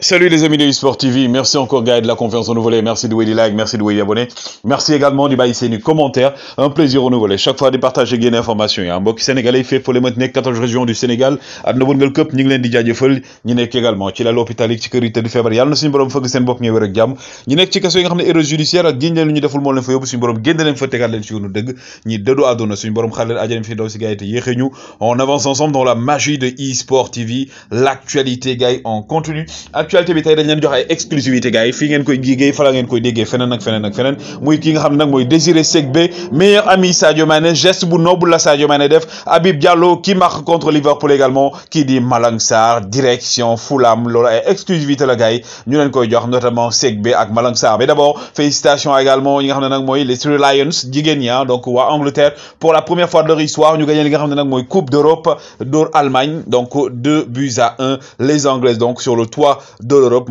Salut les amis de eSport TV, merci encore Guy de la confiance renouvelée, merci de les likes, merci de des abonnés, merci également du baisser du commentaire, un plaisir renouvelé, chaque fois de partager des informations, il y a un sénégalais fait pour les maintenir 14 régions du Sénégal, à na wëngal cup ñi ngi leen di jaajëfal ñi nekk également ci la l'hôpital yi sécurité du février. Nous sommes yàlla na suñu borom fëgg seen bopp ñuy wér ak jàmm ñi nekk ci kaso yi nga xam ne erreur judiciaire ak génn leen lu ñu deful moo leen fa yóbbu suñu borom génn leen fa tegaat leen ci yoonu dëgg ñi dëddu àdduna suñu borom xaar leen ajaleen fi daw si gars yi on avance ensemble dans la magie de eSport TV l'actualité gars en continu actualité bi tay dañ leen jox ay exclusivité gars yi fii ngeen koy géegee fala ngeen koy déggee feneen ak feneen ak feneen muy ki nga xam ne nag mooy Désiré Segbe meilleur ami Sadio Mané geste bu noble la Sadio Mané def abib Diallo ki marque contre Liverpool également ki di Malang sar direction Fulham loolu ay exclusivité la gars yi ñu leen koy jox notamment Segbe ak Malang sar mais d' abord félicitations également ñi nga xam ne nag mooy les Three Lions jigéen ya ah, donc waa Angleterre pour la première fois de leur histoire ñu gagné li nga xam ne nag mooy Coupe d' Europe dóor Allemagne donc deux buts à un les Anglaises donc sur le toit de l'Europe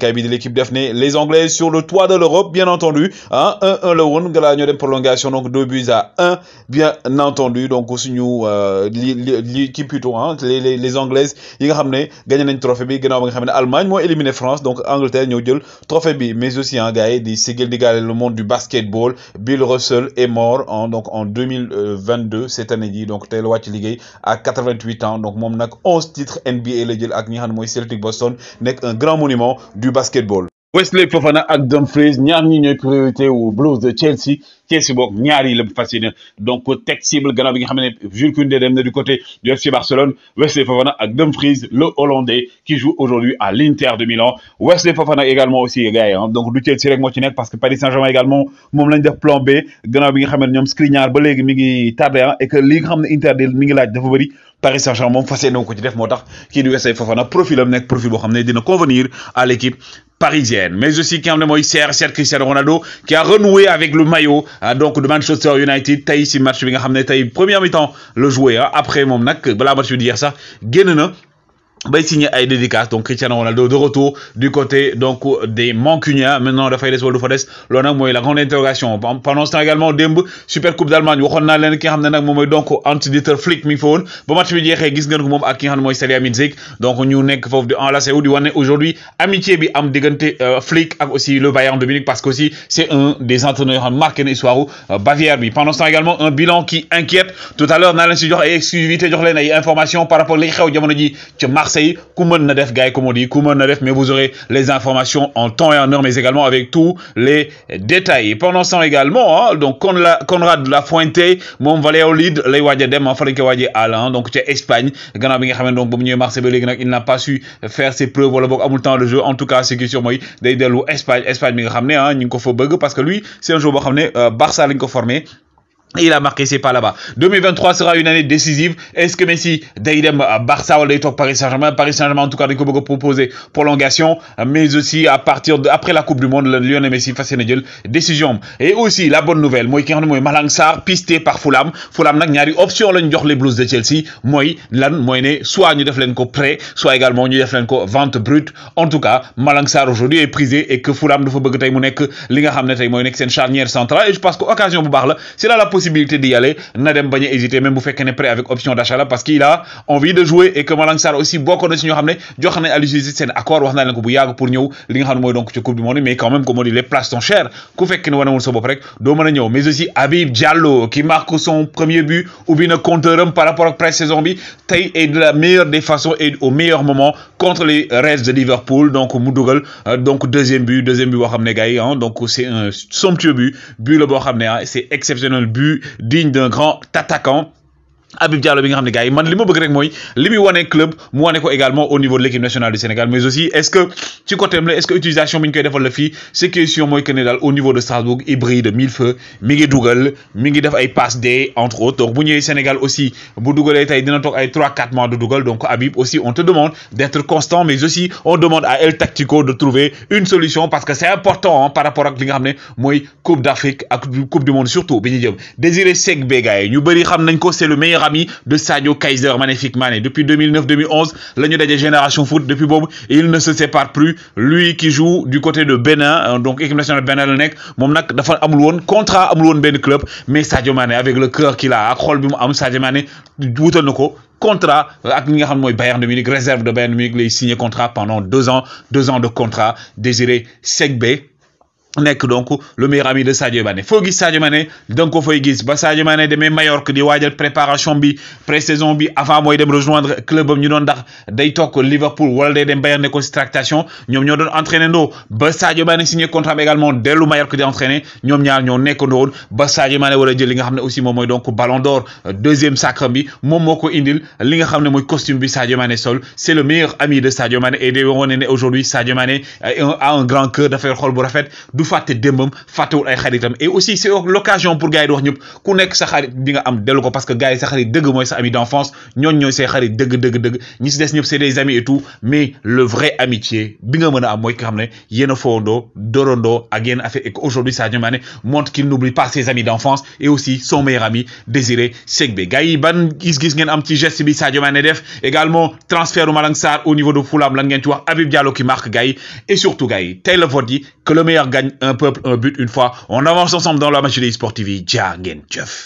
kay bi l'équipe def les anglais sur le toit de l'Europe bien entendu hein 1-1 le won gala ñu dem prolongation donc deux buts à 1 bien entendu donc suñu euh, l'équipe plutôt hein les les anglaises yi nga xamné gagné nañ trophée bi gannaaw ba nga xamné Allemagne mo éliminé France donc Angleterre ñeu jël trophée bi mais aussi hein gars yi di sigil di le monde du basketball Bill Russell est mort en donc en 2022 cette année ci donc tel la wàcc à 88 ans donc mom nak 11 titres NBA la jël ak ñi xamné moy Boston. N'est un grand monument du basketball. Wesley profana ak Dumfries ñaar ñi ñoy priorité wu Blues de Chelsea Thiès yi boog ñaar yi la fas donc teg ganna bi nga xamné Jules Koundé dem na du côté du FC Barcelone Wesley Fofana ak Dumfries le Hollandais qui joue aujourd'hui à l'Inter de Milan Wesley Fofana également aussi gars hein. donc du Chelsea rek mo ci nek parce que Paris Saint-Germain également mom lañ def plan B gannaaw bi nga xamné ñom Skriniar ba légui mi ngi tardé hein, et que li nga xamné Inter de mi ngi laaj dafa bëri Paris Saint-Germain mom fas ko ci def motax ki kii di Wesley Fofana profil nek profil bo xamné dina convenir à l'équipe parisienne mais aussi qui a amené Moïse CR7 Cristiano Ronaldo qui a renoué avec le maillot euh, donc de Manchester United tay ci match bi nga xamné tay première mi-temps le joueur. Hein. après mon nak voilà, match bi veux dire sax bay signé ay dédicace donc Cristiano Ronaldo de retour du côté donc des Mancuniens maintenant Rafael des wala du fa des la grande interrogation pendant ce temps également démb super coupe d'Allemagne waxon na len ki nga nak ne donc anti dieter Flick mi ngi fa ba match bi jeexee gis ngeen ko mom ak ki nga moy ne mooy Salihamidzic donc ñu nekk fofu di enlacé wu di wane aujourd'hui amitié bi am diggante euh, Flick ak aussi le Bayern de Munich parce que aussi c'est un des entraîneurs yoo xam marqué na histoire euh, Bavière bi pendant ce temps également un bilan qui inquiète tout à l'heure naa leen si jox ay exclusivité jox leen ay information par rapport li xew jamono ji ci Marseille Marseille. Kouman Nadef Gaï, comme on dit, Kouman Nadef, mais vous aurez les informations en temps et en heure, mais également avec tous les détails. pendant ce temps également, hein, donc Conrad Lafuente, la Valladolid mon waaj a les hein, fa lañ koy waaj a hein, donc c'est Espagne bi nga donc Marseille il n'a pas su faire ses preuves wala beaucoup de temps de jeu en tout cas c'est que sur moi d'aider day Espagne Espagne bi nga xam ne hein, faut parce que lui c'est un joueur euh, Barça il a marqué ses pas là-bas. 2023 sera une année décisive. Est-ce que Messi, Daidem, euh, Barça, ou Paris Saint-Germain, Paris Saint-Germain, en tout cas, des Kobogo proposer prolongation, mais aussi à partir de, après la Coupe du Monde, Lionel Messi face à décision. Et aussi, la bonne nouvelle, moi, qui moi, Malang Sarr, pisté par Fulham. Fulham, n'a pas option, l'on les blues de Chelsea. Moi, l'an, moi, né, soit nous devons ko prêt, soit également nous devons vente brute. En tout cas, Malang Sarr aujourd'hui est prisé et que Fulham, nous faut que l'inga hamne taï, moi, une charnière centrale. Et je pense qu'occasion, vous parle, c'est là la possibilité possibilité d'y aller, Nadem Bagné hésitait même vous faites est prêt avec option d'achat là, parce qu'il a envie de jouer et que Malang Sarr aussi, beaucoup de gens jox nañ Aliou Cissé un accord ko pour nous li donc ci coupe du monde mais quand même comme on dit les places sont chères qu'on fait qu'il wanewul sa bopp rek doo mais aussi Habib Diallo qui marque son premier but bien bien compteur par rapport à la presse saison bi est et de la meilleure des façons et au meilleur moment contre les restes de Liverpool donc Moudougal euh, donc deuxième but deuxième but hein, donc c'est un somptueux but but le bon hein, c'est exceptionnel but digne d'un grand attaquant Abib Diallo bi nga xamné ne gars yi man limu bëgg rek moy limi club mu wane ko également au niveau de l'équipe nationale du Sénégal mais aussi est-ce que ci côté am la est-ce que utilisation bi koy defal la fi c'est question moy que dal au niveau de Strasbourg hybride de mille feux mi ngi dougal mi ngi def ay passe dé entre autres donc bu ñëw Sénégal aussi bu dougalé tay dina tok ay 3 4 mois de Dougal donc Abib aussi on te demande d'être constant mais aussi on demande à El Tactico de trouver une solution parce que c'est important hein, par rapport ak li nga xamné moy Coupe d'Afrique ak Coupe du Monde surtout biñu jëm Désiré Seck be ñu bari xam nañ ko c'est le meilleur ami de Sadio Kaiser magnifique Mané depuis 2009 2011 l'année de la génération foot depuis Bombe, il ne se sépare plus lui qui joue du côté de Bénin euh, donc équipe nationale Bénin le a moom nag dafa contrat amul Ben club mais Sadio Mané avec le cœur qu'il a ak xol am Sadio Mané wutal contrat euh, ak ñi Bayern de Munich réserve de Bayern de Munich lay signé contrat pendant deux ans deux ans de contrat Désiré Segbe nek donc le meilleur ami de Sadio Mané Faut gis Sadio Mané donc faut fay gis ba Sadio Mané demé Mallorca di waajal préparation bi pré-saison bi avant moy dem rejoindre club ñu don ndax day tok Liverpool wala day dem Bayern nekkoon si tractation ñoom ñoo entraîné ba Sadio Mané signé contrat également dellu Mallorca di entraîné ñom ñaar ñoo nekkandoo ndoon ba Sadio Mané war jël li nga xamné aussi mom moy donc Ballon d'Or deuxième sacre bi mom moko indil li nga xamné moy costume bi Sadio Mané sol c'est le meilleur ami de Sadio Mané et day wane né aujourd'hui Sadio Mané a un grand cœur d'affaire xol bu rafet du fàtte faté fàttewul ay xaritam et aussi c'est l'occasion pour gars yi wax ñep ku nekk sa xarit bi nga am delu ko parce que gars yi sa xarit deug moy sa ami d'enfance ñooñ ñoy sa xarit deug deug deug ñi si des ñep c'est des amis et tout mais le vrai amitié bi nga mëna am moy ki xamné xam fondo dorondo a ak yéen affaire et aujourd'hui Sadio Mané montre qu'il n'oublie pas ses amis d'enfance et aussi son meilleur ami Désiré Segbe gars yi ban gis-gis ngeen am ci geste bi Sadio Mané def également transfert u Malang au niveau de Fulham lan ngeen ci wax Habib Diallo qui marque gars yi et surtout gars yi tay le vote que le meilleur gagne un peuple, un but, une fois. On avance ensemble dans la machine sportive. Jargen Jeff.